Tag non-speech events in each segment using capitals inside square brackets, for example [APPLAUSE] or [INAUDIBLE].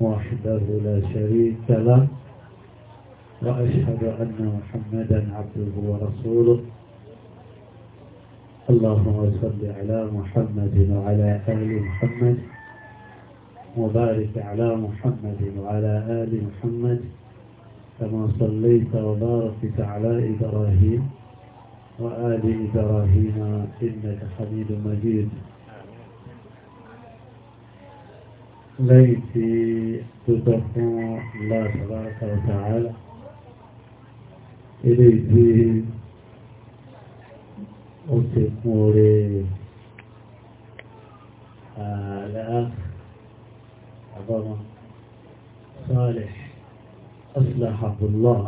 وحده لا شريك له وأشهد أن محمدا عبده ورسوله اللهم صل على محمد وعلى آل محمد وبارك على محمد وعلى آل محمد كما صليت وباركت على إبراهيم وآل إبراهيم إنك حميد مجيد lẹ́yìn tí pípẹ́ fún Allah tabaraka wa ta'ala ilé ìdí ó ti fún orí àlàáfà àbọ́mọ́ sọ́ọ̀lẹ̀ أصلح الله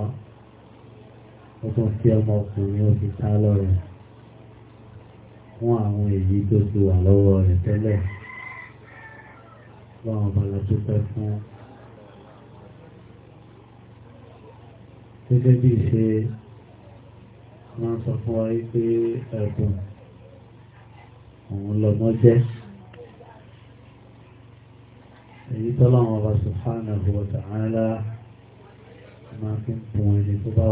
وتوفي ọmọkùnrin ó fi tá lọ́rẹ̀ fún àwọn èyí tó ti wà lọ́wọ́ rẹ̀ tẹ́lẹ̀ láwọn ọ̀bàlà tó pẹ́ fún gẹ́gẹ́ bí ṣe wọ́n sọ fún wa wípé ẹ̀bùn òun lọ́gbọ́n jẹ́ èyí tọ́lọ́wọ́n ọba subhanahu wa ta'ala máa fi ń bùn ẹni tó bá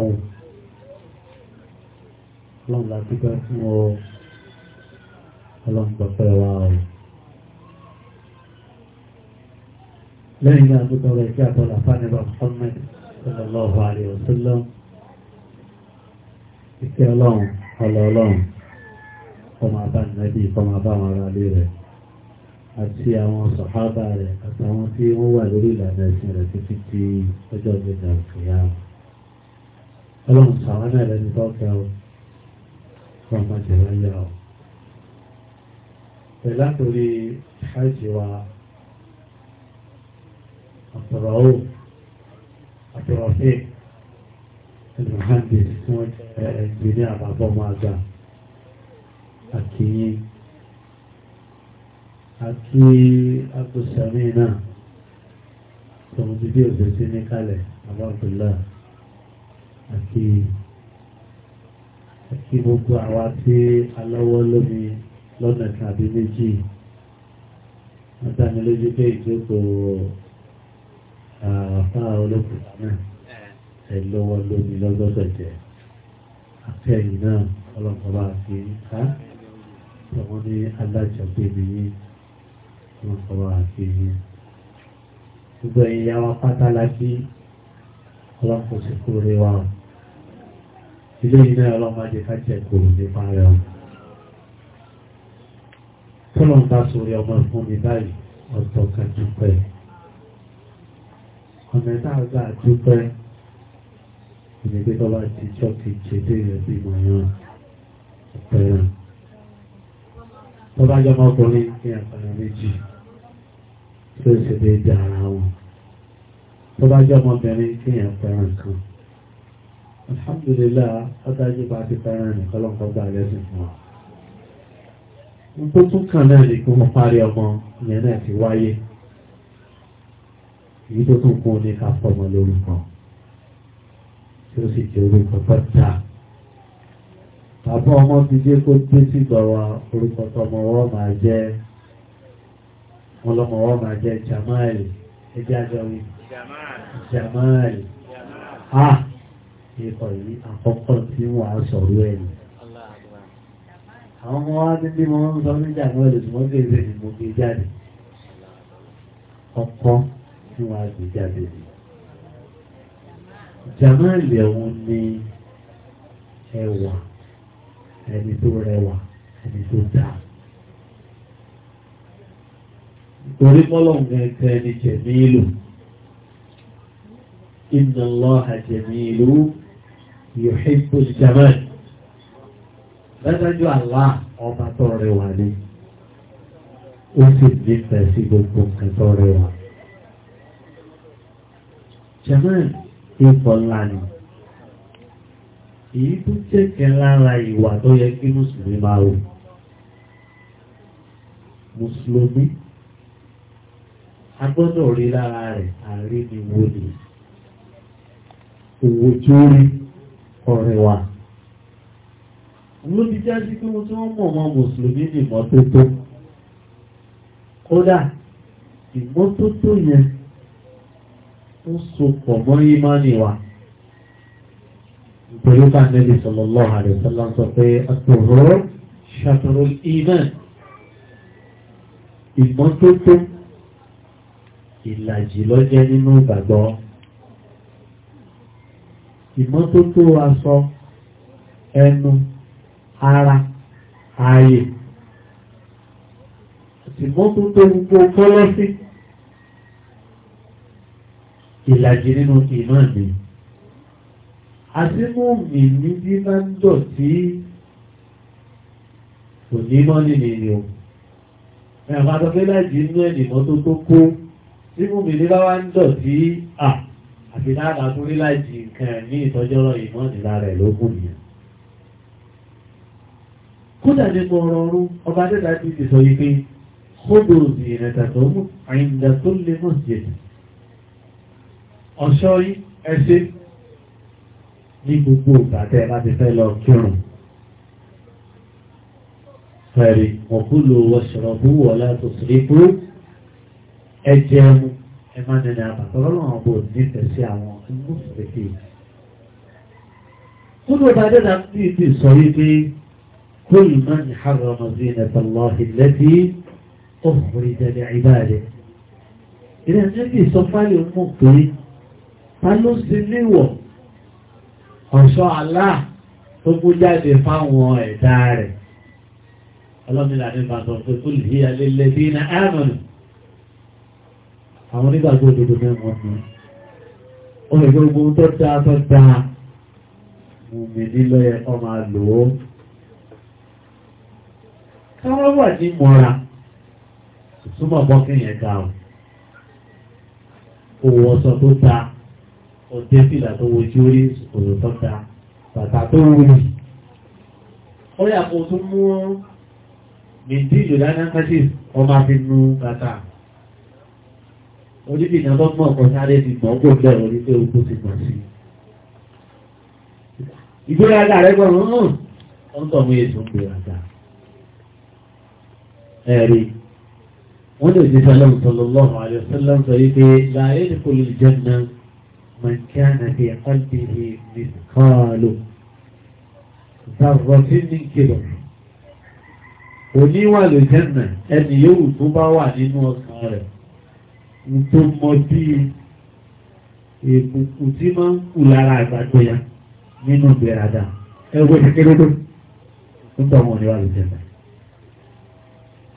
wù lẹ́yìn náà tó tọrọ ìfẹ́ àtọ́lá fánibà Muhammad sallallahu alayhi wa sallam ìfẹ́ ọlọ́run ọlọ́ ọlọ́run ọmọ àbá nàbí ọmọ àbá àwọn ará ilé rẹ̀ àti àwọn sọ̀hábà rẹ̀ àtàwọn tí wọ́n wà lórí ìlànà ẹ̀sìn rẹ̀ títí di ọjọ́ ìgbẹ̀dà òkèèyà ọlọ́run sàwọn náà àtọ̀rọ̀wò àtọ̀rọ̀fẹ́ ẹ̀lùmọ́hàndì tí wọ́n jẹ́ ẹgbẹ́ ní àbábọ́ máa gbà àkíyí àti àkùsàmì náà tòun ti bí òṣè sí ní kalẹ̀ àbábùlá àti àti gbogbo àwa tí alọ́wọ́ lómi lọ́nà tàbí méjì wọ́n dánilójú pé ìjókòó àfa olókùnkùn náà ẹ lọ́wọ́ lómi náà ọlọ́kọ̀ọ́bá fi ká wọ́n ní alájọpé nìyí ọlọ́kọ̀ọ́bá fi yẹn gbogbo ẹ̀yin ya wa pátá la kí ọlọ́kùn kúrò rí wa ilé iná ọlọ́mọdé ká jẹ́ kúrò nípa rẹ̀ ọ́ tọ́lọ̀ ń bá sórí ọmọ ìfún báyìí ọ̀tọ̀ kan dúpẹ́ ọ̀nà ìtàgbà dúpẹ́ ìgbẹ́gbẹ́ tọ́lá ti jọ́ kejì dé rẹ̀ bí mọ̀yán ọ̀pẹ̀rẹ̀ tọ́lá jọmọ ọkùnrin ní àpẹẹrẹ méjì tó ṣe déédé ara wọn tọ́lá jọmọ obìnrin ní àpẹẹrẹ kan alhamdulillah ọdájú bá ti fẹ́ràn nìkan lọ́kọ́ gbà lẹ́sìn fún wa tó tún kàn náà ní kí wọ́n parí ọmọ ìyẹn náà ti wáyé èyí tó tún kún ní ká fọmọ lórúkọ tí ó sì jẹ orúkọ tó dá bàbá ọmọ ti dé kó dé sí gbọwọ orúkọ tọmọ wọn máa jẹ ọlọmọ wọn máa jẹ Jamal ẹjẹ àjọyìn Jamal ah ikọ̀ yìí àkọ́kọ́ tí wọ́n á sọ̀rọ̀ ẹ̀ ni. Àwọn ọmọ wa ní bí wọ́n ń sọ níjà náà lè tún gbé ìwé ìmọ̀ jáde. Ọkọ́ tí wọ́n á gbé jáde sí. Jàmáàlì ọ̀hún ni ẹwà ẹni tó rẹwà ẹni tó dáa. Torí mọ́lọ́hún gẹ́gẹ́ ẹni jẹ̀mílù. Inna Allaha jẹ̀mílù yuhibbu jamal. Dájájú Allah ọba tó rẹwà ni. Ó sì nífẹ̀ẹ́ sí gbogbo nǹkan tó rẹwà jẹ́mọ́ ipò ńlá ni èyí tó jẹ́ kẹ́ lára ìwà tó yẹ kí mùsùlùmí máa wò mùsùlùmí a rí lára rẹ̀ àrí ni wo ni òwò tí ó rí ọ̀rẹ́ wa olóbi jáde pé mo tí wọ́n mọ̀ ọmọ mùsùlùmí ni ìmọ́tótó kódà ìmọ́tótó yẹn tó sopọ̀ mọ́ ìmánì wa pẹ̀lú kánẹ́lì sallallahu alaihi wasallam sọ pé at-tuhur shatrul iman ìmọ́tótó ìlàjì ló nínú ìgbàgbọ́ ìmọ́tótó aṣọ ẹnu ara ààyè ìmọ́tótó gbogbo kọ́lọ́sí ìlàjì nínú ìmọ̀ mi àti mú mi ní bí máa ń dọ̀tí kò ní mọ́ nínú ìlú ẹ̀wọ̀n àtọ́fẹ́ láìjì inú ẹ̀nìmọ́ tó tó kó tí mú mi ní bá wá ń dọ̀tí à àti láàbà tó rí láìjì nǹkan ní ìtọ́jọ́rọ̀ ìmọ̀ nílá rẹ̀ lókùn yẹn kódà nínú ọ̀rọ̀ ọ̀rún ọba dẹ́dà ti sọ yìí pé kódò òsì ìrẹ̀tà tó mú àyíǹdà tó lè mọ̀ sí ẹ̀sìn ọ̀ṣọ́ ẹṣẹ́ ní gbogbo ìgbàtẹ́ láti fẹ́ lọ kírùn fẹ̀rì ọ̀kúlò wọ́ṣọ̀rọ̀bú wọ́lá tó síríkú ẹjẹun ẹmánẹni àbàtọ́lọ́wọ́n ọ̀bọ̀ nífẹ̀ẹ́ sí àwọn ìmúfẹ̀ẹ́fẹ́ كل بعد ذلك في صحيح كل من حرم زينة الله التي أخرج لعباده إذا النبي صفى لأمه ta ló ṣe léwọ̀ ọ̀ṣọ́ aláà tó mú jáde fáwọn ẹ̀dá rẹ̀ ọlọ́mìnà nípa tó pé kó lè yí alẹ́lẹ́ bí iná ámọ̀nù àwọn onígbàgbọ́ òdodo mẹ́wọ̀n ni ó lè gbogbo tó dáa tó dáa mú mi nílọ yẹ kọ́ máa lò ó káwọ́ wà ní mọ́ra túmọ̀ bọ́kìnyẹn dáa òwò ọ̀sán tó dáa òde fìlà tó wojú orí kòtò tó da bàtà tó wúlò ó yà kó tó mú mìtí ìjòlá náà kájí ọmọ àti nu bàtà oníbi ìnáwó mọ̀ ọ̀pọ̀ sáré ti mọ̀ ọ́gbọ̀n bẹ́ẹ̀ orí pé ogun ti mọ̀ sí i ìgbéraga rẹ̀ gbọ́n mọ̀ ọ́n tọ̀ mú èso ń gbéraga ẹ̀rí wọ́n lè ti sọ́lọ́mù sọ́lọ́mù àlẹ́ sọ́lọ́mù sọ wípé láàrin kò lè jẹ́ náà من كان في قلبه مثقال ذرة من كبر oníwà lè jẹ́nà ẹni yóò tó bá wà nínú ọkàn rẹ̀ tó mọ bí èkùnkù tí máa ń kù lára àgbàgbé ya nínú ìgbéradà ẹgbẹ́ kékeré tó ń tọ́ wọn níwà lè jẹ́nà.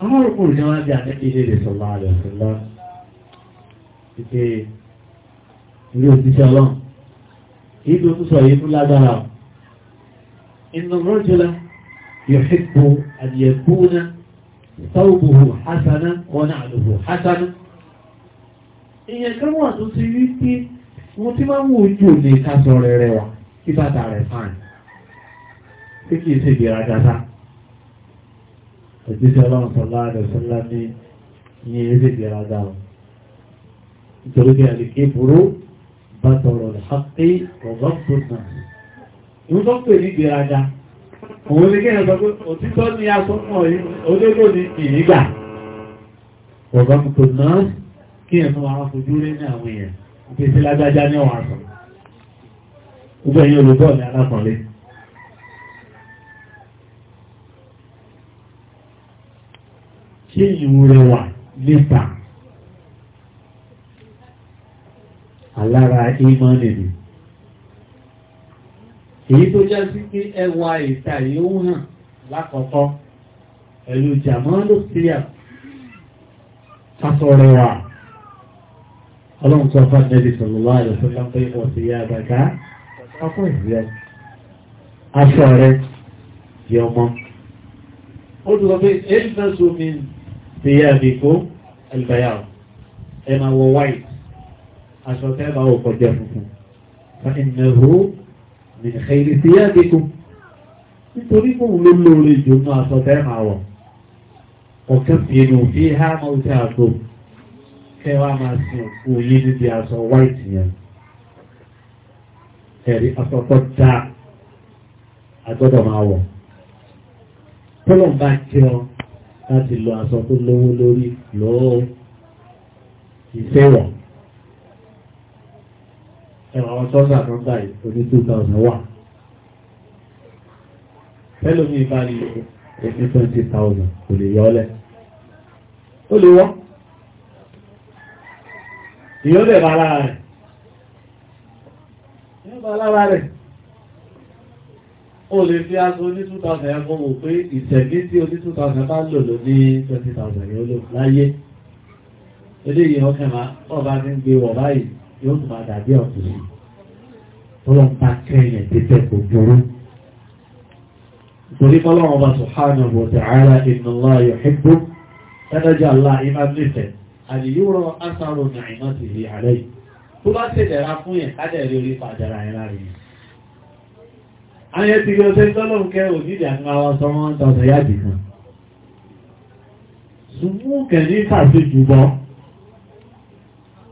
àwọn òkúrò ní wọn bí àtẹ́kẹ́ ilé rẹ̀ sọ̀rọ̀ àlẹ́ ọ̀sẹ̀ ilé òṣìṣẹ́ ọlọ́run èyí tó tún sọ yìí fún lágbára ọ̀ inú rọ́jọ́lá yòókù àdìyẹ̀kúnà sáwùbùhù hasana wọn àlùhù hasana ìyẹn kan wà tó ti rí pé wọn ti máa ń wo ojú òní kásọ rẹ̀ rẹ̀ wá kí bàtà rẹ̀ fáìn pé kì ṣe ìgbéraga sá òjíṣẹ́ ọlọ́run sọ̀lá rẹ̀ sọ́lá ní ìyẹn ẹ̀ṣẹ̀ ìgbéraga ọ̀ nítorí pé bàtọ̀rọ̀ àti ọ̀gọ́gbọ̀nà. Wọ́n tó pè ní ìgbéraga. Òun ní kẹ́yìn sọ pé òtítọ́ ni a sọ mọ̀ olóògbò ní ìyígbà. Ọ̀gọ́gbọ̀nà kí ẹ̀nu àwọn fojú rí ní àwọn èèyàn. Òkè sí lágbájá ní ọ̀wà sọ. Gbogbo ẹ̀yin olùbọ̀ ní alákọ̀ọ́lé. Ṣé ìwúrẹ̀ wà níta? alára ìmọ̀nì ni èyí tó jẹ́ sí pé ẹwà ìta yóò hàn lákọ̀ọ́kọ́ ẹ̀lú jàmọ́lù síríà sásọ̀rọ̀ wà ọlọ́run tó fà nẹ́bí sọ̀lọ́lá àìsọ́lá pé wọ́n ti yá àgbàká ọkọ̀ ìrẹ́ aṣọ rẹ̀ di ọmọ ó dùn pé ẹ̀lú náà sómi ti yá àbíkó ẹ̀lbàyà ẹ̀ aṣọ tẹ́ bá wọ kọjá funfun fàìnàhó nìkẹ́ ìrìsí yàgbéko nítorí mòun ló lóore jù mọ́ aṣọ tẹ́ máa wọ̀ ọ̀kẹ́ pinnu fi há máa ṣe àgbo kẹ́ wàá máa sin òkú yín níbi aṣọ white yẹn ẹ̀rí aṣọ tó dáa agbọ́dọ̀ máa wọ̀ tọ́lọ̀n bá jẹ́ ọ láti lo aṣọ tó lówó lórí lọ́ọ́ ìfẹ́ wọ̀n ẹ̀wọ̀n sọ́sà tó ń báyìí oní 2001 pẹ́lú ní ìbárí ẹni 20,000 kò lè yọ́lẹ̀ ó lè wọ́n ìyọ́lẹ̀ bá lára rẹ̀ ẹ̀bá lára rẹ̀ ó lè fi aṣọ ní 2000 ẹgbọ́n mọ̀ pé ìṣẹ̀lẹ̀ tí o ní 2000 bá lò ló ní 20,000 yóò lò láyé eléyìí ọkẹ̀ máa ọba ti ń gbé wọ̀ báyìí yóò tún máa dàbí ọ̀tún sí tọ́lọ́ ń bá kẹ́yìn títẹ̀ kò burú. Nítorí Ọlọ́run Ọba subhanahu wa ta'ala inna Allah yuhibbu ẹnẹ́jà Allah iná nífẹ̀ẹ́ àdìyúrọ̀ asàrò nàìmọ́ ti rí ààrẹ yìí. Tó bá ṣe dẹ̀ra fún yẹn ká dẹ̀ rí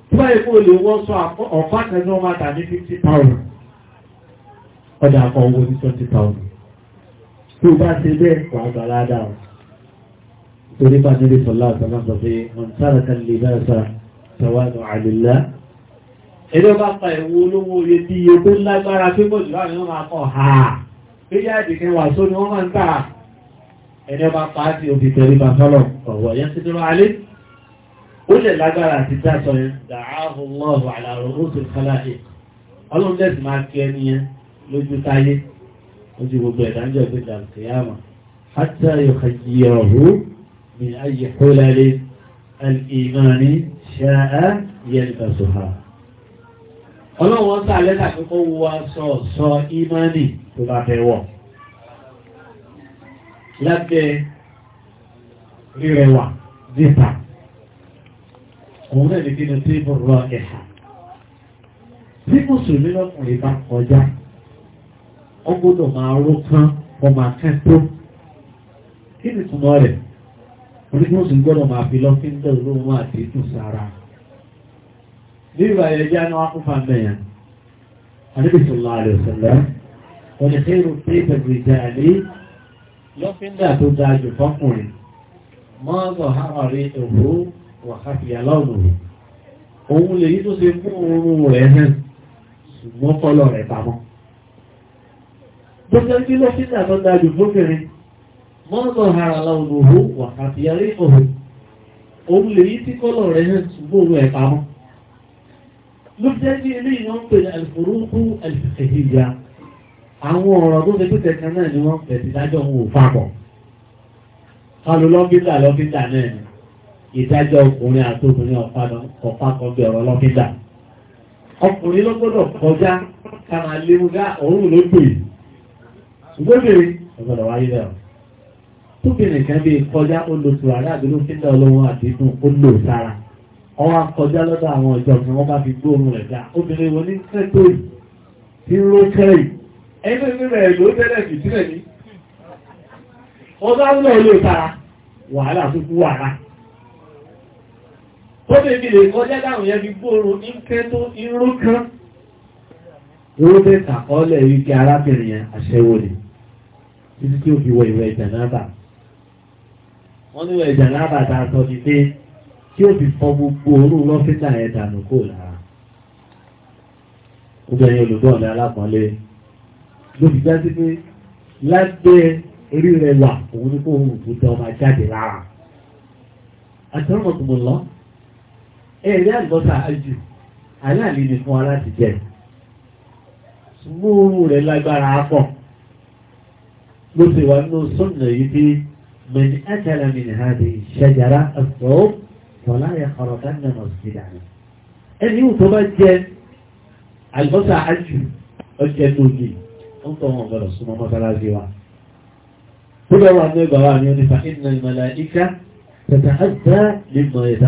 Tíwá ikú olè wọ́n sọ ọ̀pá kẹjọ máa tà ní 50,000. Ọjà kan owó ní 20,000. Tí ó bá ṣe bẹ́ẹ̀ wà gbàládà ọ̀. Torí bá nílé sọ̀lá àtàlá sọ pé wọ́n sára kan lè bá sọ sọ̀wádùn àdìlá. Ẹjọ́ bá pa ìwọ olówó oye bí iye tó lágbára pé pọ̀ jù láàrin wọn máa kọ̀ ha. Bíyà ó lè lágbára àti dáṣọ yẹn dàáhù lọ́ọ̀rù àlàrò oṣù kọláṣẹ ọlọ́run lẹ́sìn máa kí ẹni yẹn lójú táyé lójú gbogbo ẹ̀dájọ́ ìgbé dàrúkẹ́ yàmà hátà yòkàjìyàwó ní ayé kólálẹ̀ alìmọ̀ni ṣáà yẹn lọ́sọ̀hà ọlọ́run wọn sá lẹ́tà pé kó wọ aṣọ sọ ìmọ̀ni tó bá fẹ́ wọ̀ lábẹ́ rírẹwà dípà òun náà lè kí ni tí mo rọ ẹ̀hà tí mùsùlùmí lọ́kùnrin bá kọjá ó gbọ́dọ̀ máa ró kán ọmọ akẹ́kọ̀ọ́ kí ni túmọ̀ rẹ̀ onígbòsì gbọ́dọ̀ máa fi lọ fí ń tẹ̀ olóhun àti ìtù sára bí ìwà ẹ̀yẹ ní wọ́n kún fún mẹ́yàn alẹ́bìsọ̀lá rẹ̀ wàkàtí aláwòrán òun lè yí tó ṣe mú oorun rẹ̀ hàn ṣùgbọ́n kọ́lọ̀ rẹ̀ pamọ́ gbogbo ẹgbẹ́ lọ́sílẹ̀ tó dájú fókèrè mọ́nà ara aláwòrán wàkàtí aláwòrán òun lè yí tí kọ́lọ̀ rẹ̀ hàn ṣùgbọ́n rẹ̀ pamọ́ ló jẹ́ ìdájọ́ ọkùnrin àti obìnrin ọ̀pá kọgbẹ̀ ọ̀rọ̀ lọ́fíńdà ọkùnrin ló kọjá kára léwu òun ló gbè ṣùgbọ́bìnrin ọgbọ́dọ̀ wáyé bẹ̀rẹ̀ tóbìnrin kan bí kọjá ó lo tùràrí àbí lọ́fíńdà olóhun àdínkùn sára ọwọ́ kọjá lọ́dọ̀ àwọn ìjọba wọn bá fi gbóòórùn rẹ̀ dá obìnrin wọn ní sẹ́tò tí ń ró kẹ́rì ẹni nílẹ̀ ló tẹ́lẹ̀ fìtílẹ̀ ní ọba ń lọ ilé ìtara wàhálà tó kú wàhálà ó lè fi lè kọjá láwọn yẹn fi gbóòrò ní kẹ́ tó irú kan róbẹ́tà ọlẹ̀ ike arábìnrin yẹn aṣẹ́wó ni títí tí ó fi wọ ìwẹ̀ ìjànáàbà wọ́n ní ìwẹ̀ ìjànáàbà tá a sọ ni pé tí ó fi fọ gbogbo òórùn lọ́fíńdà yẹn dànù kó lára obìnrin olùgbọ́ ẹ̀rẹ́ àgbọ́ta ajù aláàlè ni fún aláti jẹ ṣùgbọ́n rẹ̀ lágbára pọ̀ ló ti wà ní sọ́nà yìí bí mẹ́ni ẹ́kẹ́lá mi ní àdé ìṣẹ́jára ẹ̀sọ́ tọ́lá yẹ ọ̀rọ̀ dáná mọ̀ sí ìdáná ẹni tó bá jẹ àgbọ́ta ajù ọjẹ́ lóge ń tọ́ wọn gbọ́dọ̀ súnmọ́ mọ́sálásí wa tó bá wà ní ẹgbàá wa ní onífà ìnà ìmàlà ìka tẹ̀tẹ̀ àgbà lè mọ̀ ẹ̀ta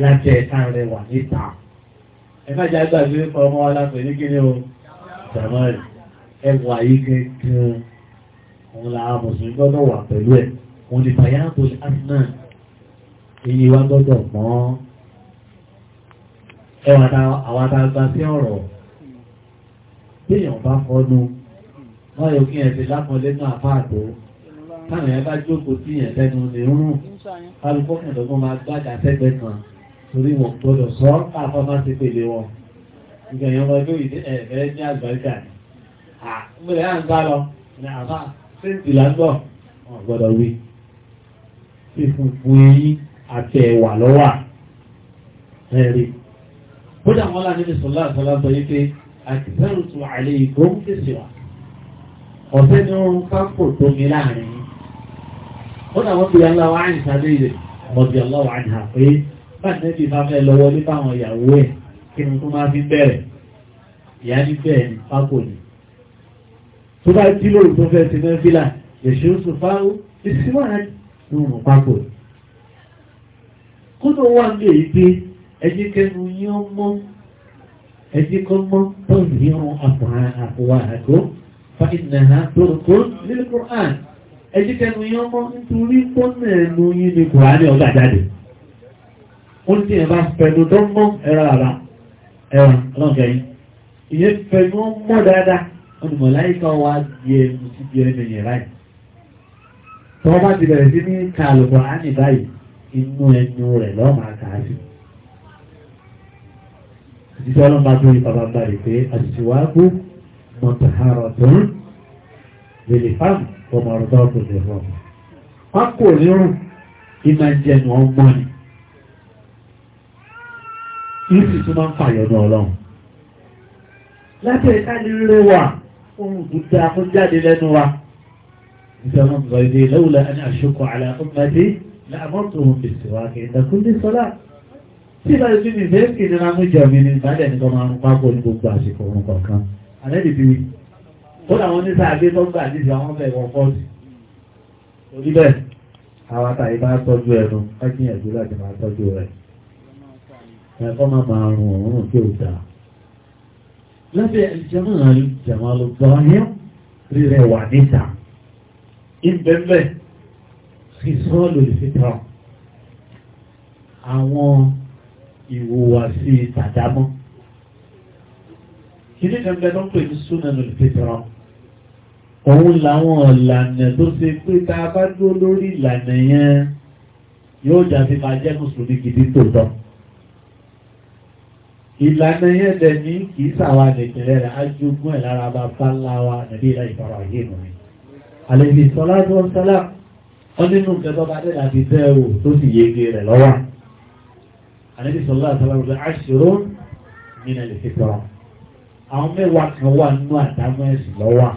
láti ẹ̀ka rẹ̀ wà níta. Ẹ̀fẹ́jà gbàgbé nípa ọmọ alápẹ̀ ní kí ni o? Jàmọ́rì. Ẹwà yìí gẹ́gẹ́ òun la Mùsùlùmí gbọ́dọ̀ wà pẹ̀lú ẹ̀. Òun ni Bàyáàbò Asnà. Iye wa gbọ́dọ̀ mọ́. Ẹwà àwọn àtàgbà sí ọ̀rọ̀. Béèyàn bá fọ́nu. Wọ́n yóò kí ẹ̀ ti lápọ̀lé náà fáàdó. Táwọn ẹ̀ bá jókòó sí máa gbájà sẹ́gbẹ̀ẹ́ kan torí wọn gbọ́dọ̀ sọ àfọ́nà ti pèlè wọn ìgbà yẹn wọn lórí ẹ̀ẹ́fẹ́ ní àgbàríkà ni àmúlẹ̀ à ń bá lọ ní àbá séǹtì lágbọ̀ wọn gbọ́dọ̀ wí fífúnfún eyín àti ẹ̀wà lọ́wà ẹ̀rí kódà wọn láti ní sọlá àtàlá sọ yìí pé àtìsẹ́rù tún àlè ìgbó ń pèsè wa ọ̀sẹ̀ ni wọn kápò tó mi láàrin kódà wọn bí aláwọ̀ àyìnṣá lè rè ọ̀dì aláwọ̀ àyìnṣá pé Fáànẹ́bì máa fẹ́ lọ wọlé fáwọn ìyàwó ẹ̀ kí ni tó máa fi bẹ̀rẹ̀. Ìyá ní bẹ́ẹ̀ ni pákò ni. Tó bá jí lóòrù tó fẹ́ sí mẹ́fílà, èṣù ń sùn fáwọ́, ìsinmi àárín ní òun pákò. Kódò wà ní èyí pé ẹjí kẹnu yín ó mọ́, ẹjí kọ́ mọ́ tọ́jú yín ó àpòrán àpòwà àgọ́. Fáìnàhà tó kó nílùú Kùrán. Ẹjí kẹnu yín ó mọ́ nítorí pọ́nà ẹnu yín ni Kùrán ní ọgbà jáde ó tí ẹ̀ bá pẹ̀lú tó mọ́ ẹ̀rọ àrà ẹ̀rọ ọlọ́gẹ̀ yìí ìyẹ́ pẹ̀lú mọ́ dáadáa ọdúnmọ̀ láìka wá yẹ ẹnu sí bí ẹnu yẹ láì tó bá ti bẹ̀rẹ̀ sí ní ka àlùkò áni báyìí inú ẹnu rẹ̀ lọ́mà kàájú àtìsí ọlọ́mà tó yí bàbá bá rè pé àtìsí wá gbó mọ̀tàhárọ̀ tó ń lèlè fáàmù ọmọ ọ̀rọ̀ tó kò ìsì tó máa ń fàyọ̀dọ̀ ọlọ́run láti ẹ̀ka nílé wa ohun gbogbo àkún jáde lẹ́nu wa nítorí wọn sọ èdè lọ́wọ́lá ẹni àṣokò àlà ọmọdé láàmọ́tò ohun bèsè wa kì í dẹkùn ní sọ́lá tí ìbá ìbí mi fẹ́ kì nínú amújẹ mi ní ìbálẹ̀ nìkan máa ń pápọ̀ ní gbogbo àsìkò ohun kọ̀ọ̀kan àlẹ́ nìbí mi ó làwọn oníṣàgbé tó ń gbà níbi àwọn bẹ̀rẹ̀ wọn pọ̀ sí àwọn àtàyè bá tọ́jú ẹnu ká ẹ̀kọ́ máa bá àrùn òórùn tí ó dáa lábẹ́ ìjẹmọ́ àárín jẹmọ́ ló gbọ́ ayọ́ rírẹ̀ wà níta ìbẹ̀mẹ̀ sísọ́ lòlùfẹ́ta àwọn ìwòwàsí tàdámọ́ kìí ẹgbẹ́ tó pè ní súnà lòlùfẹ́ta òun làwọn ọ̀lànà tó ṣe pé tá a bá dúró lórí ìlànà yẹn yóò jà sí máa jẹ́ mùsùlùmí gidi tó dán ìlànà yẹn dẹ̀ ní kìí sàwà nìkìlẹ̀ rẹ̀ ajogún ẹ̀ lára bá fáláwà nàbí ilẹ̀ ìbọ̀rọ̀ yìí nù mí àlejò ìsọlá tó ń sọlá wọn nínú ìjọba bá dẹ̀ láti tẹ́ o tó sì yege rẹ̀ lọ́wọ́ àlejò ìsọlá sọlá rẹ̀ aṣòro nínú ilẹ̀ fífọ́ àwọn mẹ́wàá kan wà nínú àdámọ́ ẹ̀sìn lọ́wọ́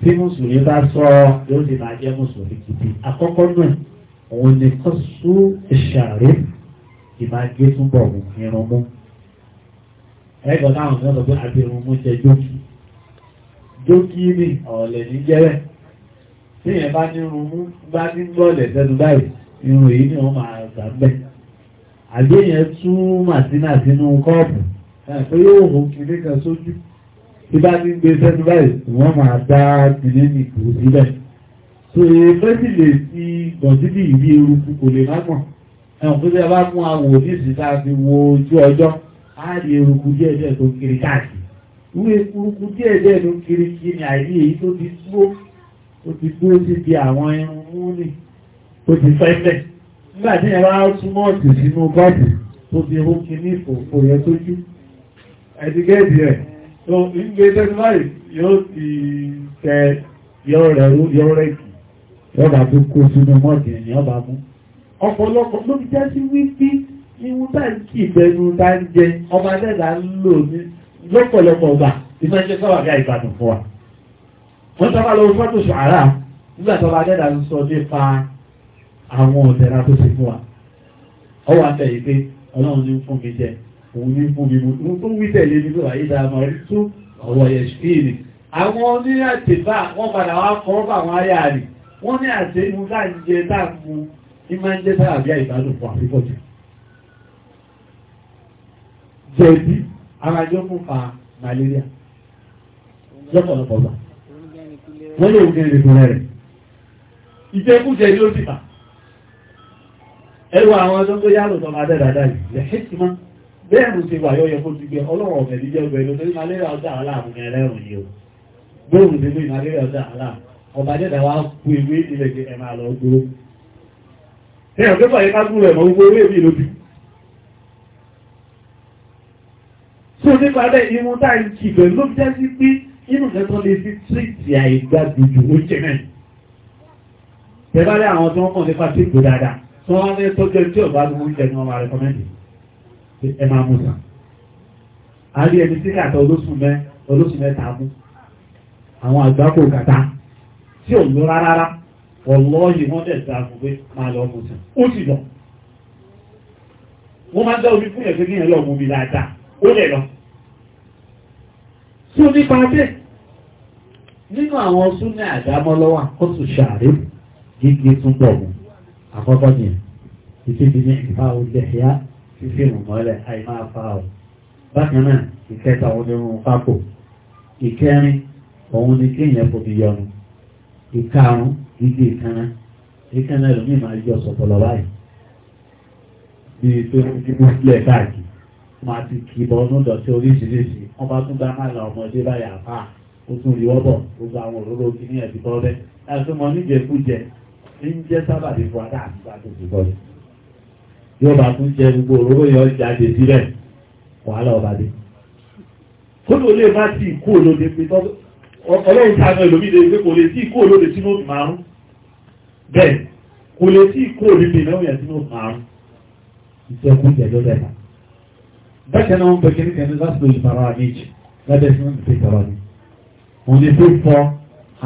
tí mùsùlùmí bá sọ yóò sì máa jẹ́ mùsùlùmí gidi àkọ́kọ́ náà òun ni kọ́sù ẹgbọ́n láwọn ọ̀dọ́ pé àbí ohun mú jẹ jókì jókì ní ọ̀ọ̀lẹ̀ ní jẹ́rẹ̀ tí yẹn bá ní irun mú bá ní gbọ́ọ̀lẹ̀ sẹ́nu báyìí irun èyí ni wọ́n máa gbà bẹ́ àgbé yẹn tú màtínà sínú kọ́ọ̀pù pé yóò mú kiri kan sójú tí bá ní gbé sẹ́nu báyìí wọ́n máa dá kiri ní ìkú síbẹ̀ tó yẹ fẹ́sì lè fi gbọ̀nsídì ìbí eruku kò lè má mọ̀ ẹ̀wọ̀n tó á rí eruku díẹ̀ díẹ̀ tó kiri káàkiri irú eruku díẹ̀ díẹ̀ tó kiri kiri àìrí èyí tó ti dúró tó ti dúró sí di àwọn irun múlì tó ti fẹ́fẹ́ nígbà tí ẹ bá túmọ̀ sí sínú bọ́ọ̀sì tó ti hó kíní ìfòfò yẹn sójú ẹ̀dígẹ́ẹ̀dì rẹ̀ tó ìgbé tẹ́síláì yóò ti tẹ yọ rẹ̀ kì yọba tó Ihun tá ń kí ìbẹnu tá ń jẹ, ọmọ adẹ́dà ń lò ní lọ́pọ̀lọpọ̀ ọgbà tí máa ń jẹ́ sábà bí àìbàdàn fún wa. Wọ́n sábà lọ fọ́tò ṣàárà nígbà tó ọmọ adẹ́dà ń sọ nípa àwọn ọ̀tẹ̀ra tó ṣe fún wa. Ọwọ́ àtẹ̀ yìí pé Ọlọ́run ní fún mi jẹ, òun ní fún mi mú. Òun tó wí tẹ̀lé ní bíwá yìí dáa máa rí tún ọ̀wọ̀ yẹ̀ ṣìkìrì. Àwọn oníràtìbá wọ́n padà wá kọ́ bá àwọn ayá rì. Wọ́n ní àṣẹ imú láì jẹ dáàmú, ìmá ń jẹ́ sábà bí àìbàdàn fún àfikọ́jù jẹ̀bi ara yóò mú fa malaria lọ́pọ̀lọpọ̀ bá wọ́n lè wùdí ìrìnkú rẹ̀ ìjẹkújẹ ló ti fà ẹrù àwọn ọdún tó yàrù tọ́mà dẹ́dàdà yìí lè hìtìmá bẹ́ẹ̀ mú ti wà yóò yẹ kó ti gbé ọlọ́run ọ̀fẹ́ ní jẹ́ ọgbẹ̀rẹ̀ lórí malaria ọjà aláàmù ẹlẹ́rùn yìí o gbóòrùn nínú malaria ọjà aláàmù ọba dẹ́dà wá kú ewé ilẹ̀ ẹ̀ máa lọ gbóró tó nípa rẹ̀ imú táì kì bẹ̀ ló jẹ́ sí pé inú kẹtọ́ lè fi tírìtì àìgbà dùdù ó jẹ́ mẹ́rin tẹ́bálẹ̀ àwọn tó ń kàn nípa tí kò dáadáa tó wá ní tọ́jọ́ tí ọ̀bá ló ń jẹ́ ní ọmọ rẹ̀ kọ́mẹ́ntì ẹ máa mú sàn a rí ẹni tí kàtà olóṣù mẹ́ta mú àwọn àgbákò kàtà tí ò lọ rárá ọlọ́ọ̀yì wọ́n dẹ̀ dáàbò pé máa lọ mú sàn ó sì lọ wọ́n máa dá omi fún ẹ̀fẹ́ ní ẹ̀lọ́mú mi dáadáa ó lẹ̀ lọ tí ó nípa dé nínú àwọn súnmí àdámọ́lọ́wà kọ́sù ṣàrí gígé tún bọ̀mù àkọ́kọ́ ni ìtìdí ní ìfà oúnjẹ ìyá fífí ìrùnmọ́lẹ̀ àìmá afá ọ̀ bákan náà ìkẹta onírun pápò ìkẹrin ni kéèyàn kò fi yọnu ìkarùn gígé ìkànnà ìkànnà ẹlòmíì máa yọ sọ̀tọ̀ lọ báyìí máa ti kì í bọnú dọ̀tí oríṣiríṣi wọ́n bá tún dáná àlà ọmọdé báyà fà ó tún rí wọ́bọ̀ gbogbo àwọn òróró kìíní ẹ̀bí bọ́ bẹ́ẹ̀ láti mọ níjẹkújẹ ní ń jẹ́ sábàbí fún adá àti sábàbí fún bọ́ọ̀lù yóò bá tún jẹ gbogbo òróró yẹn jáde sílẹ̀ wàhálà ọba dé kódò lè má sí ìkó olóde pé ọlọ́run sáà náà ìlòmí lè pé kò lè sí ìkó olóde sínú márùn bẹ́ẹ̀ kò lè sí ìkó olóde náà yẹn márùn ìṣẹ́kù jẹ́ lọ́dẹ̀ẹ́ta bákan náà ń bẹ kiri kan lásìkò ìfara méjì lábẹ́ sí wọn ti tọrọ ni òun ni fífọ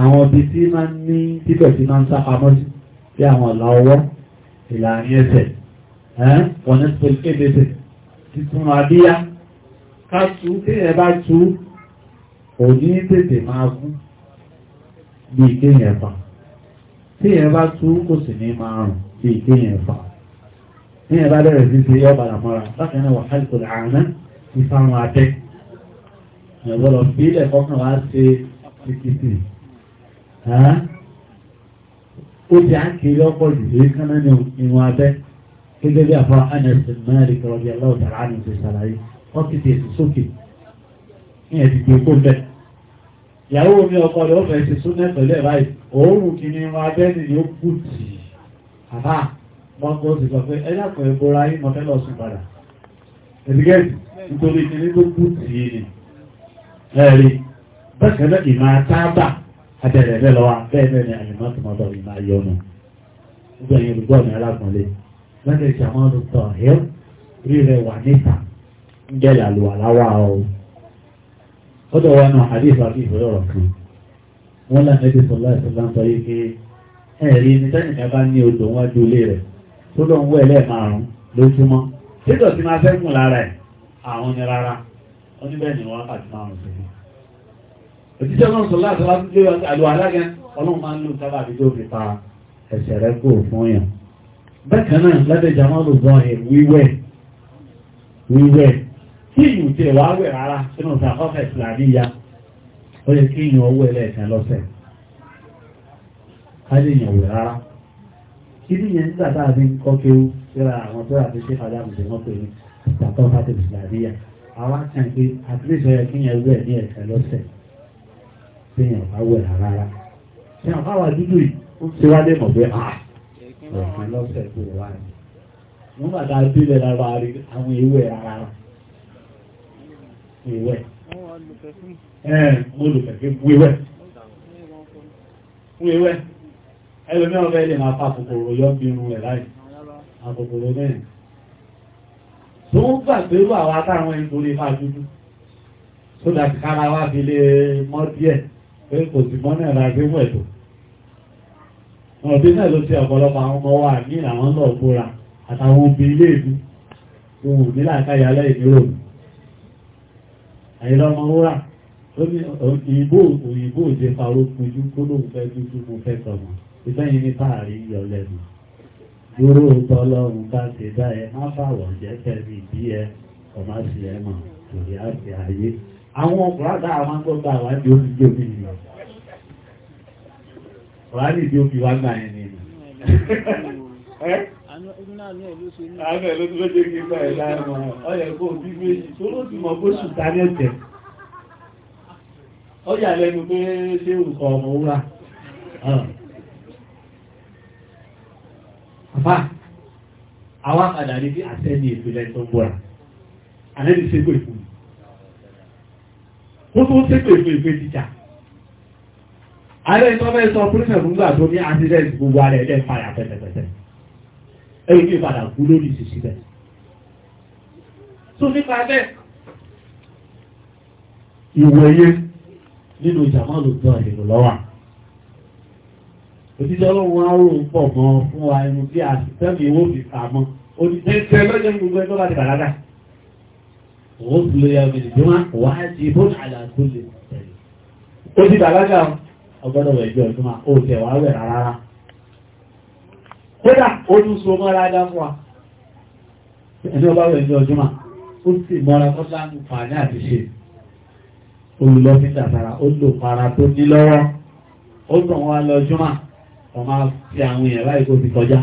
àwọn ibi tí máa ń ní títọ̀ tí máa ń sá pamọ́ sí sí àwọn ọ̀la ọwọ́ ìlànà ẹsẹ̀ wọn ní sọ ìkéde títún abíyá ká tú tí ẹ bá tú òní tètè máa gún bí ìkéyìn ẹ̀fà tí ẹ bá tú kò sì ní máa rùn bí ìkéyìn ẹ̀fà ní ẹ̀bá bẹ̀rẹ̀ sí ṣe yọ́ bàrà mọ́ra lákàáná wà hálìkò àánà ní fáwọn atẹ́ ẹ̀gbọ́lọ̀ fi ilẹ̀ kọ́kàn wá ṣe ìkìtì ó ti á kiri ọ̀pọ̀ jù lórí kánná ní ìwọ̀n abẹ́ gẹ́gẹ́ bí àfọ anẹ́sì mẹ́rin kọ̀rọ̀ bí aláwọ̀ tàrà á ní ṣe ṣàlàyé wọ́n ti tẹ̀sí sókè ní ẹ̀sì tó kó bẹ́ẹ̀ ìyàwó mi ọkọ rẹ̀ ó fẹ́ ṣe súnẹ́ pẹ̀lú ẹ̀ báyìí òórùn kìíní wọn abẹ́ nìyó kùtì àbá wọ́n kọ́ sí sọ pé ẹjá kan ìbora yí mọ́fẹ́ lọ sí padà ni ẹ̀rí bẹ́ẹ̀kẹ́lẹ́ ìmá tábà àtẹ̀lẹ̀lẹ́ lọ́wọ́ bẹ́ẹ̀ ni àyìnbá tó mọ́ lọ ìmá yọnu gbogbo ẹ̀yìn olùgbọ́ mi alágbọ̀nlé lọ́dẹ̀ ìṣàmọ́ ló tọ̀ ẹ̀ rí rẹ̀ wà níta ń jẹ́ ìyàlú àláwà o ó dọ̀ wọn náà àdéhùn àti ìwé ọ̀rọ̀ kan wọ́n lànà ẹ̀dẹ́sọ̀lá ìṣọ̀lá ń sọ yìí tó lọ ń wẹ̀ lẹ́ẹ̀márùn lójúmọ́ títọ̀ tí máa fẹ́ gùn lára ẹ̀ àwọn ni rárá oníbẹ̀ ni àti márùn sí i òjíṣẹ́ sọ láti wá gbé àlò alágẹ ọlọ́run máa ń lò sábà bí tó fi pa ẹsẹ̀ rẹ kò fún yàn bẹ́ẹ̀ náà lẹ́dẹ̀jà wọn lò gan ẹ̀ wíwẹ̀ wíwẹ̀ tí ìlú tí wá wẹ̀ rárá sínú ìsàkọ́fẹ̀ ìsìlámíyà ó yẹ kí ìyàn owó ẹlẹ́ẹ̀kan lọ́sẹ̀ ká lè yàn wẹ̀ rárá kìí yẹn nígbà tá a fi ń kọ́ kéwú síra àwọn tó àti ṣe fàdá àmùsẹ̀ wọn pè ní ìtàkọ́ fàtẹ̀ ìsìláríyà àwọn àkàn pé àtúnṣe yẹ kí yẹn ní ẹ̀ka lọ́sẹ̀ tí yẹn bá wẹ̀ rárá tí yẹn bá wà dúdú yìí ó ti wá dé mọ̀ pé ah ẹ̀ka lọ́sẹ̀ tó wà ní. wọ́n bá ta bílẹ̀ lára àwọn ewé rárá ewé ẹ̀ mo lù fẹ́ fún ewé fún ewé ẹlòmí ọ̀rẹ́ lè máa fa kòkòrò yọ́ bí irun ẹ̀ láì àkòkòrò mẹ́rin tó ń gbà pẹ̀lú àwọn atáwọn ẹni torí máa dúdú tó dàbí kára wá fi lè mọ́ díẹ̀ pé kò sí mọ́ náà lágbé mú ẹ̀tọ́ ọ̀dún náà ló ti ọ̀pọ̀lọpọ̀ àwọn ọmọ wa ní àwọn lọ gbóra àtàwọn obì ilé ìlú ohun nílà káyalẹ́ ìnírò àìlọ́mọ wúrà òyìnbó òyìnbó òjèfà orókùnjú kó lóun fẹ́ dúdú mo fẹ́ sọ̀rọ̀ ìfẹ́yìn ní fàárí yọ lẹ́nu irú tọ́lọ́run bá ti dá ẹ má bàwọ̀ jẹ́ tẹ̀lé bí ẹ ọmọ sí ẹ mọ̀ torí àti ayé àwọn ọkùnrin àwọn gbọ́gbà wá di omi di omi nìyàn wà ní ìdí omi wá gbà ẹni nì Àwọn ẹ̀lọ́ tó lóṣe ní ìgbà ẹ̀lá ẹ̀mọ̀ pé ṣé òkọ̀ ọmọ wúrà. àfá àwọn àpàdà ní bí àtẹ́ni ètò ilẹ̀ tó ń bọ́ra àlẹ́bí ṣépè fún mi ó tó ń ṣépè fún ìgbé jíjà ààrẹ tu ni pírísẹ̀ fúngbà buat ní dia gbogbo apa-apa fàyà Eh ni pada ìpadà kú lórí ìṣiṣi bẹ̀ tó nípa bẹ́ẹ̀ ìwòye nínú ìjàmọ́ untuk ìlú lọ́wọ́ òtítọ́ lọ́wọ́ àrùn pọ̀ gan fún wa ẹnu bí àṣìṣẹ́mì owó fi kà mọ́ òtítẹ́ tẹ́ lọ́jọ́ gbogbo ẹjọ́ láti bàlágà owó sì ló yẹ ọmọdé tó máa wá sí bóun àlàkó lè tẹ̀lé ó ti bàlágà ọgbọ́dọ̀ wẹ̀ jọ ìtumà ó tẹ̀ wá wẹ̀ rárá kódà ó tún so mọ́ra dá fún wa ẹni ọba wẹ̀ jọ ìtumà ó sì mọ́ra kọ́sá ń fa ní àtiṣe olùlọ́fíńdà sára ó lò para tó ní lọ́wọ́ ó tàn wá lọ jùmọ̀ wọ́n máa fi àwọn èèyàn láì kó ti kọjá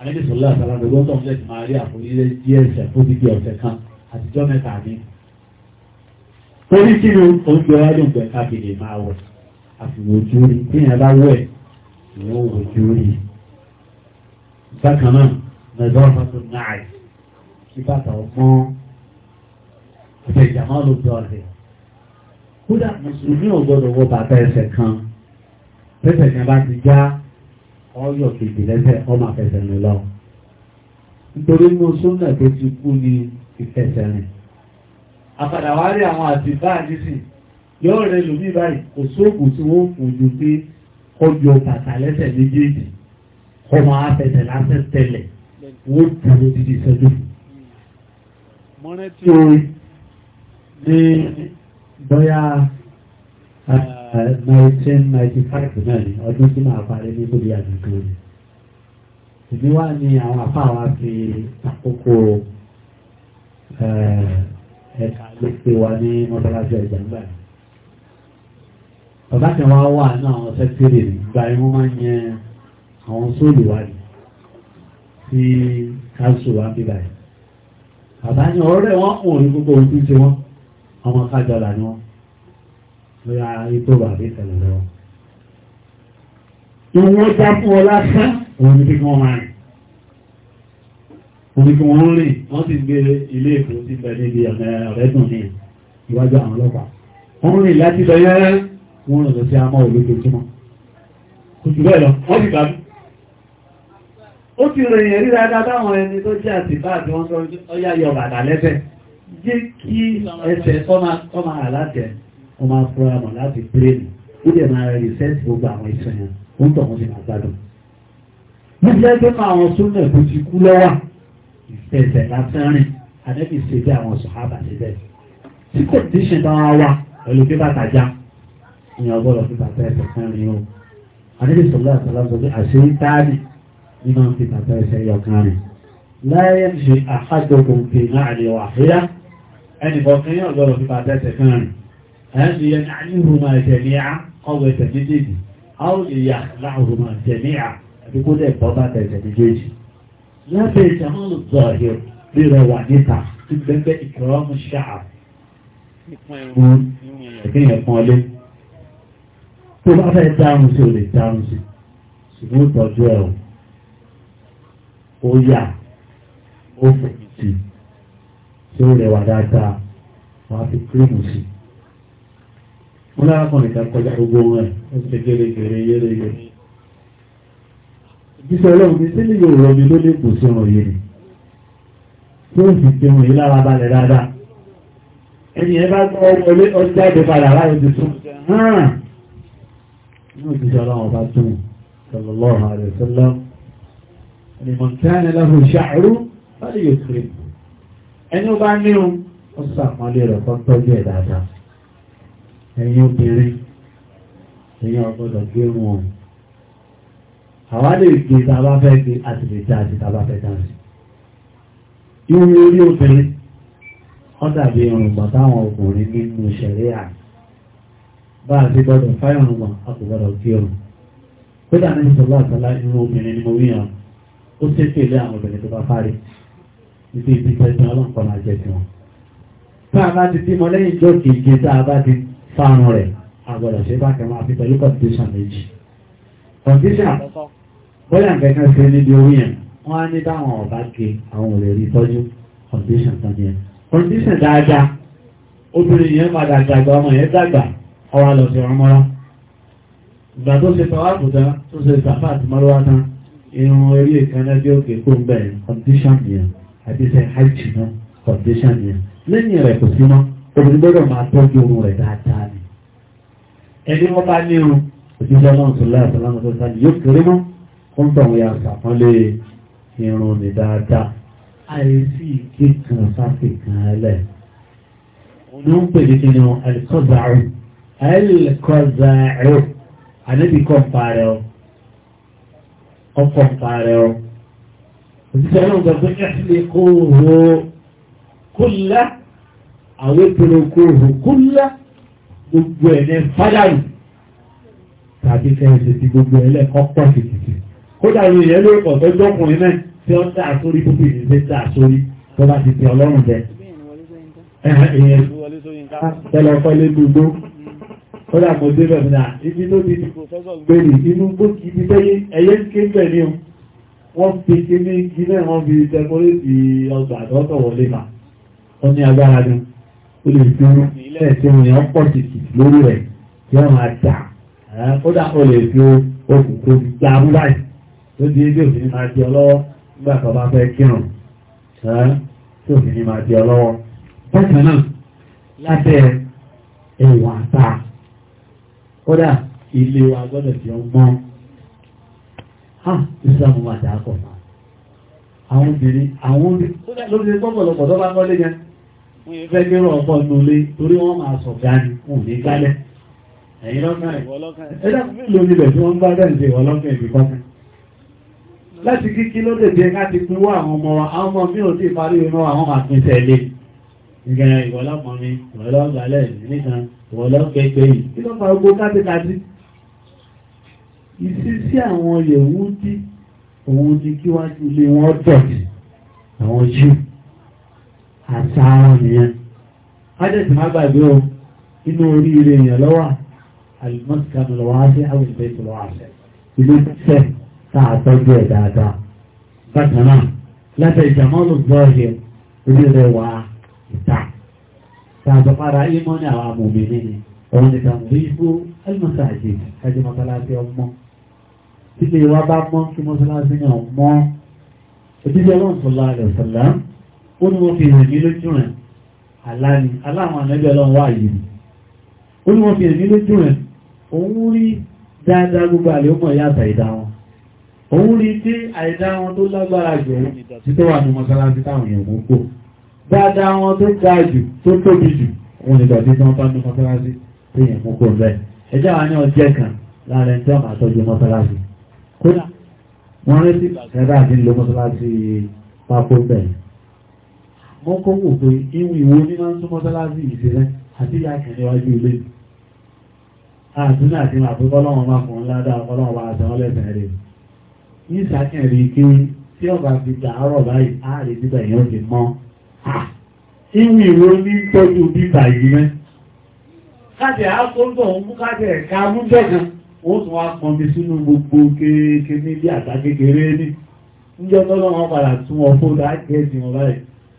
alẹ́bìsọ̀lá àtàlàdé gbọ́ntọ̀ ń lẹ́tì máa rí àforílẹ̀ díẹ̀ ẹ̀sẹ̀ tó ti di ọ̀sẹ̀ kan àtijọ́ mẹ́ta ní torí kí ni oúnjẹ wá ló ń gbẹ kábìlì máa wọ̀ àfihàn ojú rí tí yẹn bá wẹ̀ ìwọ̀n ojú rí bákan náà mẹ́zọ́ fọ́tò náà kí bàtà ọgbọ́n ọ̀sẹ̀ ìjàmọ́ ló dọ̀ọ̀lẹ̀ kódà mùsùlùmí ò gbọ́dọ̀ wọ bàtà ẹsẹ̀ kan tẹ́sẹ̀ yẹn bá ti já ọyọ̀ kejì lẹ́sẹ̀ ọmọ àfẹsẹ̀rìn lọ nítorí mú súnà tó ti kú ní ìfẹsẹ̀rìn àpàdà wá rí àwọn àti báàdì sí yóò rẹ lómi báyìí kò sóògùn tí wọ́n fò ju pé ọjọ́ bàtà lẹ́sẹ̀ méjèèjì ọmọ afẹsẹ̀ lásẹ̀ tẹ̀lẹ̀ wọ́n tà ló ti di ìṣẹ́jú. mọ́rẹ́ ní bóyá nineteen ninety five náà ni ọdún tí màá parí ní kóbi àdúgbò rẹ̀ ìdí wá ní àwọn afá wa fi àkókò eh, ẹ̀ka lépe wa ní mọ́tàlájọ́ ìjàmbá yìí bàbá kan wá wà ní àwọn sẹ́kítírì gba ẹ̀wọ́n máa ń yẹ àwọn sóòlù wa ni sí káńsù wa ń bíbá yìí bàbá ní ọ̀rẹ́ wọn kùn ní gbogbo ohun tí ń ṣe wọn ọmọ kájọlà ni wọn lóyá ètò àbí ìṣẹ̀lẹ̀ lọ. Ìwọ́n já fún ọ lásán, òun ni kí máa rìn. Òun ni kí wọ́n rìn, wọ́n sì gbé ilé ìfún sí bẹ níbi ọ̀nà ọ̀rẹ́dùn ní iwájú àwọn ọlọ́pàá. Wọ́n rìn láti lọ yẹ́rẹ́, wọ́n rìn lọ sí amọ́ olójoojúmọ́. Kò jù bẹ́ẹ̀ lọ, wọ́n sì gbádùn. Ó ti rìn ẹ̀rí dáadáa táwọn ẹni tó jẹ́ àtìbá àti wọ́n sọ ọyá yọ bàtà lẹ́sẹ̀. Jẹ́ kí ẹsẹ̀ kọ́ máa àlàjẹ̀ wọ́n máa fọ́ra mọ̀ láti pírẹ́nì ó dẹ̀ máa rẹ̀ rìsẹ́ǹsì gbogbo àwọn iṣẹ́ yẹn ó ń tọ̀ wọ́n sì máa gbádùn. níbi ẹgbẹ́ máa àwọn súnmọ̀ ẹ̀kú ti kú lọ́wà ìfẹsẹ̀ lásán rìn àdẹ́bí ṣe bí àwọn sọ̀hábà síbẹ̀. tí kò tíì ṣe bá wa wá pẹ̀lú bí bàtà já ìyẹn ọgọ́rọ̀ fi bàtà ẹsẹ̀ kan rìn o. àdẹ́bí sọ̀rọ̀ àtàlásọ pé àṣírí táàdì ní máa ń fi bàtà yọ kan rìn. láyé ń ṣe àkájọpọ̀ òkè náà àlè wà fúyá ẹnì هل ينعنهما جميعا قوة جديد أو ليخلعهما جميعا بيقول لك بابا ده جديد لا بجمال الظاهر بروانيتا تبقى إكرام الشعب Ìpín ẹ̀kan ọlé. Tó bá fẹ́ dáhùn sí, ò lè dáhùn sí. Ṣùgbọ́n ìtọ́jú ẹ̀ ó yà, ó fẹ̀ sí. Ṣé ó rẹwà dáadáa, wọ́n á fi kírìmù sí i wọ́n lárakùnrin ká kọjá gbogbo wọn ó ṣe gẹ́rẹ́ gẹ́rẹ́ yẹ́rẹ́ yẹ́rẹ́ ìjíṣẹ́ ọlọ́run ní sílẹ̀ yóò rọ mi ló lè kù sí ọ̀rọ̀ yẹn tí ó sì ti wọ̀nyí lára balẹ̀ dáadáa ẹni ẹ bá gbọ́ wọlé ọjà ìdè padà láyé ti tún hàn inú ìjíṣẹ́ ọlọ́run ọba tún ẹ̀yin obìnrin ẹ̀yin ọgbọ́dọ̀ gbé wọn àwa lè gbé ta bá fẹ́ gbé àti lè dá àti ta bá fẹ́ dá sí irun orí obìnrin ó dàbí irùngbọ̀n táwọn ọkùnrin nínú ìṣẹ̀lẹ̀ àti bá a ti gbọ́dọ̀ fáyọ̀rùngbọ̀n a kò gbọ́dọ̀ gbé ọ̀rùn kódà ní ìṣọ̀lá àtàlá irun obìnrin ni mo rí hàn ó ṣépè lé àwọn obìnrin tó bá fárí ibi ibi tẹ̀sán ọlọ́pàá máa jẹ tiwọn. tá a bá ti bímọ lẹ́yìn ìjọ kejì tá a bá ti fáànù rẹ̀ àgbọ̀dọ̀ ṣe bá kẹwàá àfi pẹ̀lú condition méjì condition bóyá nǹkan kan ṣe níbi orí yẹn wọ́n á ní báwọn ọ̀bá ge àwọn ò lè rí tọ́jú condition kan yẹn condition dáadáa obìnrin yẹn padà dàgbà ọmọ yẹn dàgbà ọwọ́ lọ sí ọmọ rán ìgbà tó ṣe tọwọ́ àbùdá tó ṣe sàfà àti mọ́lúwá tán irun orí ìkànnà bí òkè kó ń bẹ̀rẹ̀ condition yẹn àti ṣe náà condition yẹn lẹ́yìn rẹ̀ kò sí náà Obìnrin gbọ́dọ̀ máa tọ́jú ohun rẹ̀ dáadáa ni. Ẹni wọ́n bá ní o, òṣìṣẹ́ ọlọ́run tó láàrín ọlọ́run tó sáà yóò kéré mọ́, ó ń tọ̀ wọ́n ya ṣàpọ́nlé irun mi dáadáa. Àìsí kíkan kọ́ ń parẹ́ Ọkọ̀ ń parẹ́ Òṣìṣẹ́ ọlọ́run tó gbé kó wo kó lẹ́ àwọn ìpinnu kó òkúlá gbogbo ẹ̀ ní fáyàrù tàbí fẹ́ẹ̀sì ti gbogbo ẹ̀ lẹ́kọ́ pọ̀ sí títì kódà ní ìyẹn lórí pọ̀ tó jọkùnrin náà tí ó dá sórí púpọ̀ ìlú tí dá sórí tó bá ti ti ọlọ́run jẹ ẹ̀hẹ̀n tẹ́lọ pẹ́lẹ́ gbogbo kódà mo dé bẹ̀rẹ̀ náà ibi ló ti gbèrè inú gbókì ibi tẹ́yẹ ẹyẹ ń ké bẹ̀ ní o wọ́n fi kí ní igi náà wọ́n fi tẹkọ́lé ti ọgbà àtọ́tọ̀ wọlé ma ó ní agbára gan olùdó ilé tí wọn pọ̀ títì lórí rẹ̀ wọ́n máa dà o lè fi okùn gba wúláì tó di ebi òfin máa di ọlọ́wọ́ nígbà tó bá fẹ́ kírun tí òfin máa di ọlọ́wọ́. bákan náà lábẹ́ ẹ̀wà àta kódà ilé wa gbọ́dọ̀ ìsìlámù máa dà á àwọn obìnrin àwọn obìnrin kódà wọ́n yẹ fẹ́ gbẹ́rọ ọ̀pọ̀ nulé torí wọ́n máa sọ gani wọ́n ní gbálẹ̀ ẹ̀yìn lọ́kàn ìwọ̀lọ́kàn ẹ̀dá mélòó nílẹ̀ tí wọ́n bá dẹ̀ǹdẹ̀ ìwọ̀lọ́kàn ìbíkọ́kàn láti kíkí ló dèdè láti pín wá àwọn ọmọ wa àwọn ọmọ mi ò tí parí inú àwọn àpín tẹ̀lé ìgbẹ̀rẹ̀ ìwọ̀lọ́pọ̀ mi ìwọ̀lọ́gbàlẹ̀ nìkan ìwọ̀lọ́gbẹ̀gbẹ̀ yìí kí ló fa ogbó kátíkátí ìsísí àwọn yẹ̀wú dí òun ni kíwájú ilé wọn dọ̀tí àwọn jíù àṣà nìyẹn ádẹ́sì má gbàgbé o inú oríire èèyàn lọ́wọ́ alimọ́sìkanu lọ́wọ́ á sí àwọn ìgbẹ́ ìtọ́lọ́ àṣẹ ilé tẹ́ tá a tọ́jú ẹ̀ dáadáa bákan náà lábẹ́ ìjàmọ́lù gbọ́ọ̀yẹ orí rẹ̀ wà ìta tá a sọ para ìmọ̀ ní àwọn amòmí nínú òun ni kàn rí igbó alimọ́sàájì kájí mọ́sálásí ọmọ títí wa bá mọ́ kí mọ́sálásí náà mọ́ òjíṣẹ́ ọlọ́run sọ̀lá àlẹ́ sọ̀lá ó ní wọ́n fi hàn mí lójú rẹ̀ aláni aláwọn ànábì ọlọ́run wà yìí ó ní wọ́n fi hàn mí lójú rẹ̀ òun rí dáadáa gbogbo àlẹ́ ó mọ̀ ìyá àtàìdá wọn òun rí tí àìdá wọn tó lágbára jù òun tí tó wà ní mọ́sálásí táwọn èèyàn mú kó dáadáa wọn tó ga tó tóbi jù wọ́n kó wò pé ìwé ìwé ní máa ń tún mọ́sálásí àti ìyá kẹ̀lẹ́ wájú ilé àti àbúkọ́ máa fún àti lẹ́sẹ̀ rẹ̀ ní ike tí ọba ti dàárọ̀ báyìí ààrẹ èèyàn ti mọ́ ní tọ́jú bíbà yìí mẹ́ ẹ̀ka ó tún wá gbogbo ní bí àtà kékeré ní níjọ́ tọ́lọ́wọ́n padà tún ọ fóòdà á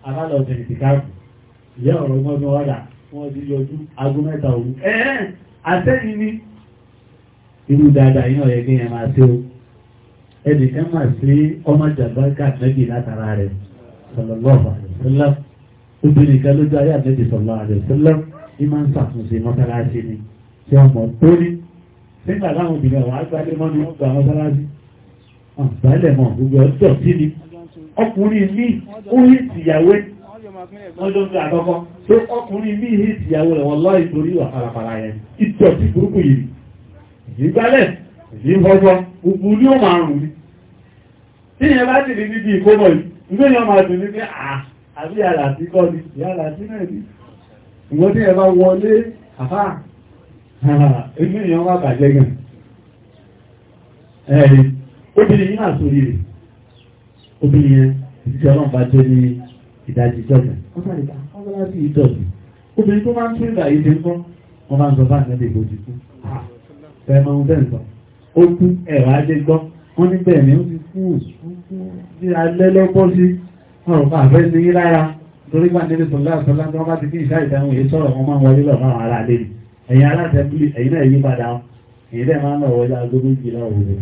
alálọ́ọ̀tẹ̀ ìtìkáàkù ìyẹ́ ọ̀rọ̀ wọn ni wọ́n rà wọ́n ti yọjú aago mẹ́ta òru ẹ̀ẹ́ àtẹ́yìn ni irú dáadáa yín ọ̀yẹ́ kí yẹn máa ṣe o ẹnì kan máa ṣe ọmọ jàǹbáríkà àtẹ́bì látara rẹ̀ sallallahu alaihi wasallam obìnrin kan lójú ayé àtẹ́bì sallallahu alaihi wasallam ní máa ń ṣàtúnṣe mọ́sálásí ni tí ọmọ tó ní nígbà láwọn obìnrin àwọn agbálẹ́mọ́ ni wọ́n gba mọ́sálásí àgbálẹ̀mọ́ gbogbo ọjọ́ sí ni ọkùnrin mí ó ní ìtìyàwó ọjọ́ sí àkọ́kọ́ tó ọkùnrin mí ní rẹ̀ wọ́n wà yẹn ìtọ̀ sí burúkú yìí ìgbálẹ̀ ìgbọ́gbọ́ gbogbo ní ó máa tí bá [LAUGHS] ti rí níbi ìkómọ̀ yìí obìnrin yìí náà sórí rẹ̀ obìnrin yẹn ìdíjẹ́ ọlọ́run bá jẹ́ ní ìdajì ìjọba ó sáré ká wọ́n bá sí ìjọba obìnrin tó máa ń tún ìgbà yìí ti ń kọ́ wọ́n máa ń sọ báyìí lẹ́dẹ̀ ìbòjì kú ẹ máa ń bẹ́ẹ̀ ni ó ti kú sí alẹ́ lọ́pọ̀ sí ọ̀rọ̀ máa fẹ́ sí rárá torí wà nílé sọ̀lá sọ̀lá tí wọ́n bá ti kí ìṣá ìdáhùn èyí sọ̀rọ̀ wọn máa wọlé lọ fáwọn ará lẹ́yìn ẹ̀yin aláṣẹ ẹ̀yin náà yí padà ẹ̀yin náà wọlé agogo méjìlá òwúrọ̀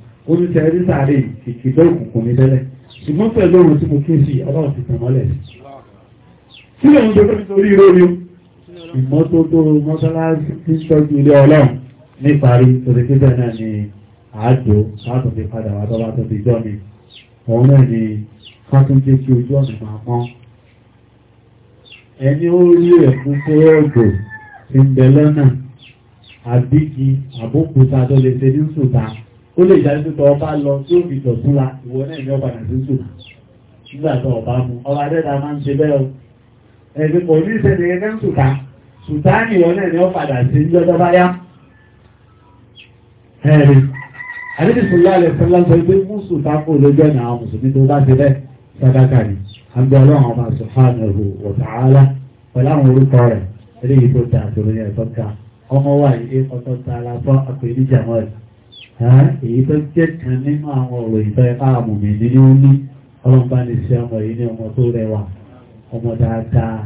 olùtẹ̀ ẹ̀rí sàárè ìkìdọ́ òkùnkùn ní tẹ́lẹ̀ ṣùgbọ́n pẹ̀lú ohun tí mo kí sí ọlọ́run ti tẹ̀mọ́lẹ̀ sí lè ń jẹ́ torí lórí ìmọ́tótó mọ́sálásí tí sọ́jú ilé ọlọ́run níparí torí pípẹ́ náà ni àádó látọ̀ fi padà wà tọ́lá tó ti jọ́ mi òun náà ni wọ́n tún jẹ́ kí ojú ọ̀nà máa mọ́ ẹni ó rí ẹ̀kún tó ọ̀gbọ̀ ti ń bẹ lọ́nà àbíkí àbókúta tó lè ṣe ní sùta ó lè dájú tó ọba lọ tí ó fi tọ̀tún la ìwọ náà ní ọba nàìjíríà nígbà tó ọba mu ọba dẹ́ta máa ń ṣe bẹ́ẹ̀ o ẹ̀sìn kò ní ìṣẹ̀lẹ̀ ẹgbẹ́ ń sùta sùta ní ìwọ náà ní ọ padà sí lọ́jọ́ bá yá ẹ̀rí àdébí sùlá rẹ̀ fẹ́ lọ́sọ pé mú sùta kò lójú ọ̀nà àwọn mùsùlùmí tó bá ṣe bẹ́ẹ̀ sàdákà ni àgbẹ̀ ọlọ́run ọba subhanahu wa ta'ala pẹ̀lú àwọn orúkọ rẹ̀ eléyìí tó ta àtòrò yẹn tó ka ọmọ wa yìí ọtọ ta la èyí tó jẹ́ kan nínú àwọn ọ̀rọ̀ ìfẹ́ fáàmù mi ní ó ní ọlọ́mbá ní sí ọmọ yìí ní ọmọ tó rẹwà ọmọ dáadáa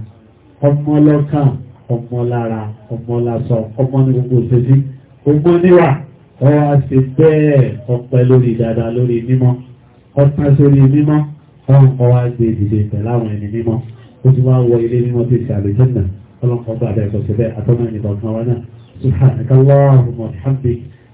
ọmọ lọ́kàn ọmọ lára ọmọ lásọ ọmọ ní gbogbo òṣèṣí ọmọ níwà ọwọ́ a sì bẹ́ẹ̀ ọpẹ́ lórí dáadáa lórí mímọ́ ọpẹ́ sórí mímọ́ ọlọ́nkọ́ wá gbé ìdílé pẹ̀lú àwọn ẹni mímọ́ ó ti wá wọ ilé mímọ́ tó ṣe àlùjọ́nà ọlọ́nkọ́ bá bẹ́ẹ̀ kọ̀ síbẹ̀ àtọ́mọ̀ ìnìkan kan wá náà subhanakallahumma wa bihamdika